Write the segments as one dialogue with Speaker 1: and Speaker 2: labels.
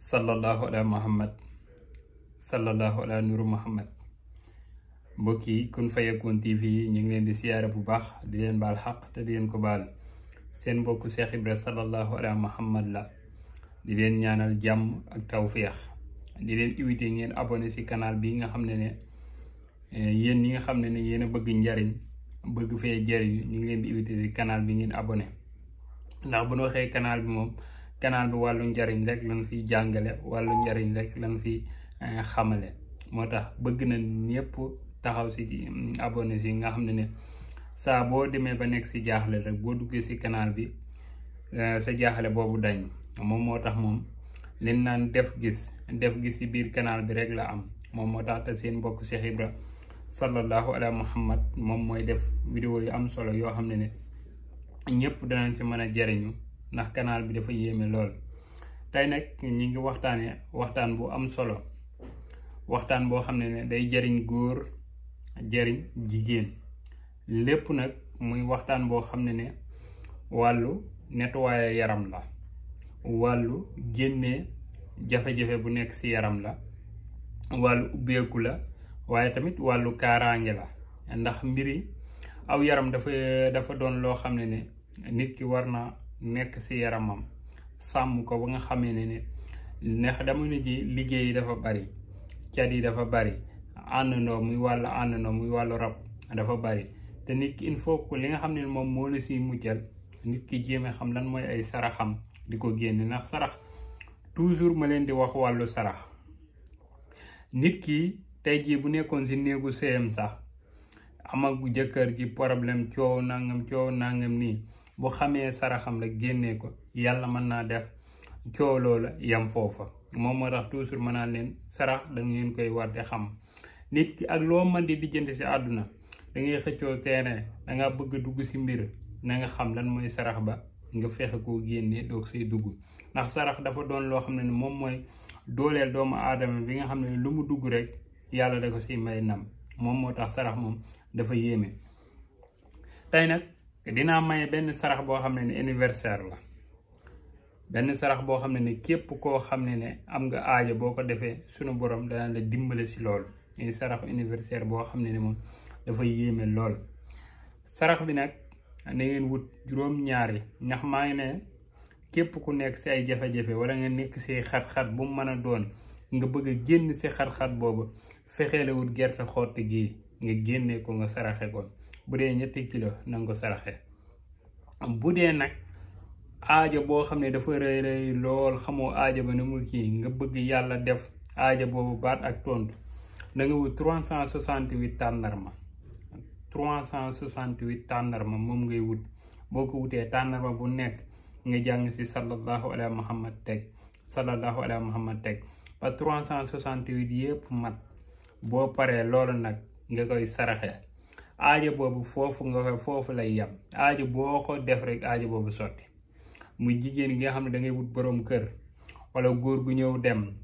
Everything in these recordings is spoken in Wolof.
Speaker 1: sallallahu ala muhammad sallallahu ala nuru muhammad mbokk yi Kun Fayakoun TV ñu ngi leen di siyaare bu baax di leen baal xaq te di leen ko baal seen mbokku Cheikh Ibra sallallahu ala muhammad la di leen ñaanal jàmm ak tawféex di leen invité ngeen abonné ci kanaal bi nga xam ne ne eh, yéen ñi nga xam ne ne yéen a bëgg njariñ bëgg fee jariñ ñu ngi leen di invité ci canal bi ngeen abonné ndax bu ñu waxee canal bi moom canal bi wàllu njariñ rek lan fiy jàngale wàllu njariñ rek lan fi eh, xamale moo tax bëgg na ñëpp taxaw si mm, abonné si nga xam ne ne saa boo demee ba nekk si jaaxle rek boo duggee si canal bi eh, sa jaaxle boobu dañ moom moo tax moom leen naan def gis def gis si biir canal bi rek la am moom moo tax te seen mbokk Cheikh Ibra sallallahu ala muhammad moom mooy def vidéo yu am solo yoo xam ne ne ñëpp danañ si mën a jariñu ndax kanaan bi dafa yéeme lool tey nag ñi ngi waxtaanee waxtaan bu am solo waxtaan boo xam ne ne day jariñ góor jariñ jigéen lépp nag muy waxtaan boo xam ne ne wàllu nettoyer yaram la wàllu génnee jafe-jafe bu nekk ci yaram la wàllu ubbeeku la waaye tamit wàllu kaaraange la ndax mbiri aw yaram dafa dafa doon loo xam ne ne nit ki war na nekk si yaramam sàmm ko ba nga xamee ne ne ndax jamono ji liggéey yi dafa bari cat yi dafa bari àndandoo muy wàllu àndandoo muy wàllu rab dafa bari te nit ki il faut que li nga xam ne moom moo la siy mujjal nit ki jéeme xam lan mooy ay saraxam di ko génne ndax sarax toujours ma leen di wax wàllu sarax nit ki tey jii bu nekkoon si néegu sëyam sax amagu jëkkër gi problème coow nangam coow nangam nii bu xamee saraxam la génnee ko yàlla mën naa def coow loola yam foofa moom moo tax toujours mën naa leen sarax da ngeen koy war xam nit ki ak loo mën di lijjanti si àdduna da ngay xëccoo terrain da nga bëgg a dugg si mbir na nga xam lan mooy sarax ba nga fexe koo génnee doog say dugg ndax sarax dafa doon loo xam ne ni moom mooy dooleel doomu aadama bi nga xam ne lu mu dugg rek yàlla da ko si may nam moom moo tax sarax moom dafa yéeme tey nag dinaa maye benn sarax boo xam ne ni anniversaire la benn sarax boo xam ne ni képp koo xam ne ne am nga aajo boo ko defee sunu borom dana la dimbale si loolu ñuy saraxu anniversaire boo xam ne ni moom dafa yéeme lool sarax bi nag na ngeen wut juróom-ñaar maa ngi ne képp ku nekk si ay wala nga nekk si xat-xat bu mu mën a doon nga bëgg génn si xat-xat boobu fexeelewut gerte xotti gii nga génnee ko nga saraxe ko bu dee ñetti kilo na nga ko saraxe bu dee nag aajo boo xam ne dafa rëy rëy lool xamoo aaja ba na mu kii nga bëgg yàlla def aaja boobu baat ak tontu na nga wut trois cent soixante huit tàndarma trois moom ngay wut boo ko wutee tàndarma bu nekk nga jàng si sallallahu ala muhammad teg sallallahu ala muhammad teg ba trois cent soixante huit yépp mat boo paree loolu nag nga koy saraxe aajo boobu foofu nga ko foofu lay yem aajo boo ko def rek aajo boobu sotti muy jigéen gi nga xam ne dangay wut boroom kër wala góor gu ñëw dem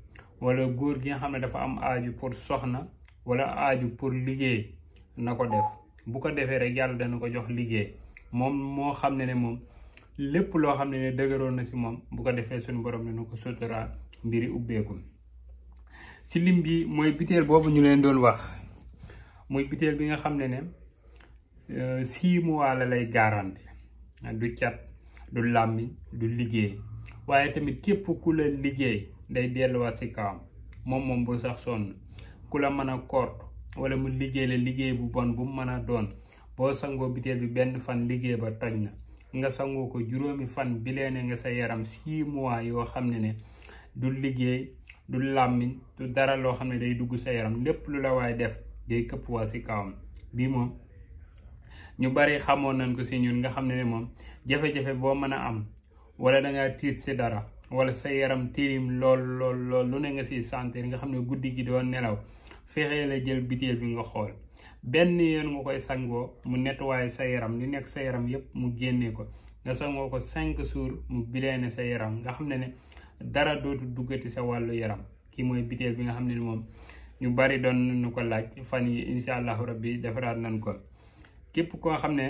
Speaker 1: wala góor gi nga xam ne dafa am aaju pour soxna wala aaju pour liggéey na ko def bu ko defee rek yàlla dana ko jox liggéey moom moo xam ne ne moom lépp loo xam ne ne dëgëroon na si moom bu ko defee suñu borom ne na ko sutura mbiri ubbeeku si lim bi mooy biteel boobu ñu leen doon wax muy biteel bi nga xam ne ne Euh, six la lay garanti ah, du cat du làmmiñ du liggéey waaye tamit képp ku la liggéey day delluwaat si kawam moom moom bu sax sonn ku la mën a kort wala mu liggéey la liggéey bu bon bu mën a doon boo sangoo biteel bi benn fan liggéey ba toj na nga sangoo ko juróomi fan bi leene nga sa yaram six mois yoo xam ne ne du liggéey du làmmiñ du dara loo xam ne day dugg sa yaram lépp lu la waay def day këpp waa si kawam bii moom ñu bari xamoon nañ ko si ñun nga xam ne ne moom jafe-jafe boo mën a am wala da tiit si dara wala sa yaram tilim lool lool lu ne nga siy sentir nga xam ne guddi gi doon nelaw fexee la jël butéel bi nga xool benn yoon nga koy sangoo mu nettoyé sa yaram li nekk sa yaram yépp mu génne ko nga sangoo ko cinq jours mu bileene sa yaram nga xam ne ne dara dootu duggati sa wàllu yaram kii mooy butéel bi nga xam ne moom ñu bari doon nañu ko laaj fan yi incha allahu rabbi defaraat nañ ko képp koo xam ne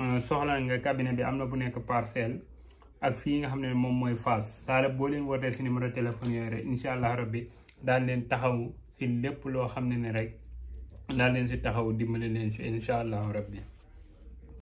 Speaker 1: euh, soxla nga cabinet bi am na bu nekk parcelle ak fii nga xam ne moom mooy Fass saala boo leen wootee si numéro téléphone yooyu rek incha allah rabbi daal leen taxaw si lépp loo xam ne ni rek daal leen si taxaw dimbali leen si incha allah rabbi